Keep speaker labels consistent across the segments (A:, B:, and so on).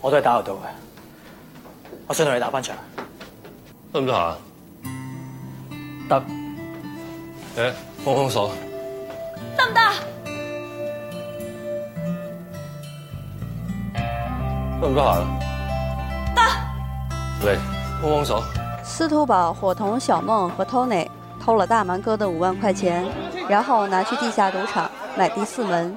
A: 我都係打唔到嘅，我想同你打翻場，得唔得啊？得打，誒，碰碰手，得唔得？做唔做啊？得、啊，喂打，碰碰手。
B: 司徒寶伙同小夢和 Tony 偷了大蠻哥的五萬塊錢，然後拿去地下賭場買第四門。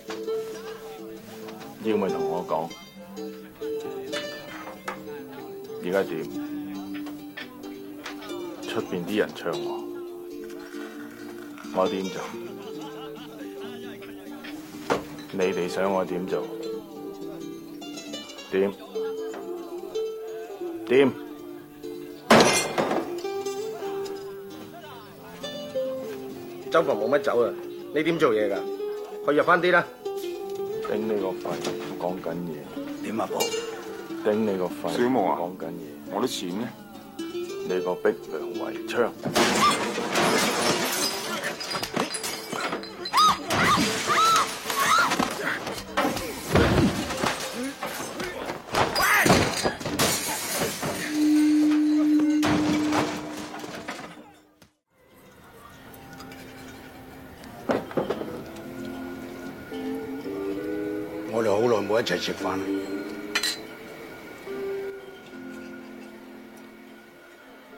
A: 要咪同我講？而家點？出面啲人唱我，我點做？你哋想我點做？點？點？
B: 周房冇乜酒啊？你點做嘢噶？
A: 去入翻啲啦！頂你個肺，講緊嘢。點啊，寶。頂你個肺，小夢啊，講緊嘢。我啲錢呢？你個逼良為娼。
B: 一齊食飯。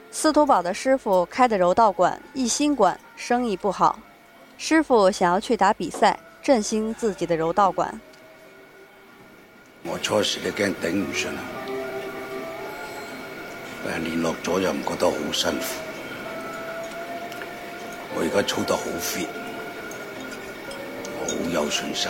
B: 司徒寶的師傅開的柔道館，一心館，生意不好。師傅想要去打比賽，振興自己的柔道館。我初時都驚頂唔順啊！但係練落咗又唔覺得好辛苦。我而家操得好 fit，好有信心。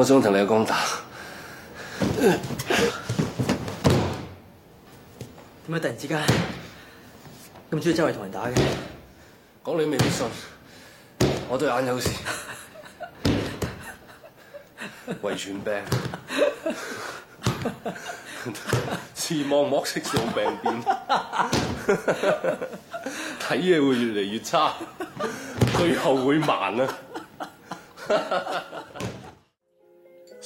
A: 我想同你公打，
B: 點解突然之間咁中意周圍同人打嘅？講你未必信，我對眼有
A: 事，遺傳病，視網膜色素病變，睇嘢會越嚟越差， 最後會盲啊！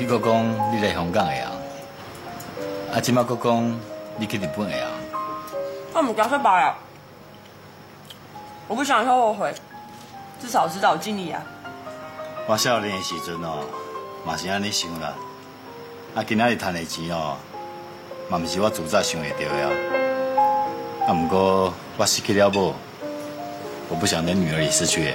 A: 你哥講你來香港的呀？啊，今媽哥講你去日本的呀？
B: 我唔驚失敗呀，我不想說後悔，至少我知道盡力呀。
A: 我少年的時陣哦，嘛是安尼想啦，啊，今仔日賺的錢哦，嘛唔是我自早想得到的呀。啊，唔過我失去了某，我不想連女兒也失去耶。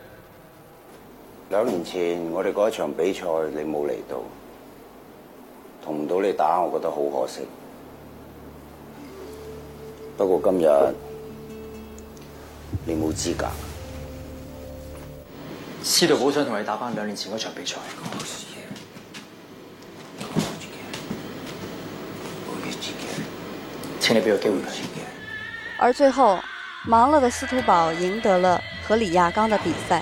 A: 兩年前我哋嗰一場比賽你冇嚟到，同唔到你打我覺得好可惜。不過今日你冇資格。司徒寶想同你打返兩年前嗰場比賽，請你俾個機會佢。
B: 而最後，忙了的司徒寶贏得了和李亞剛的比賽。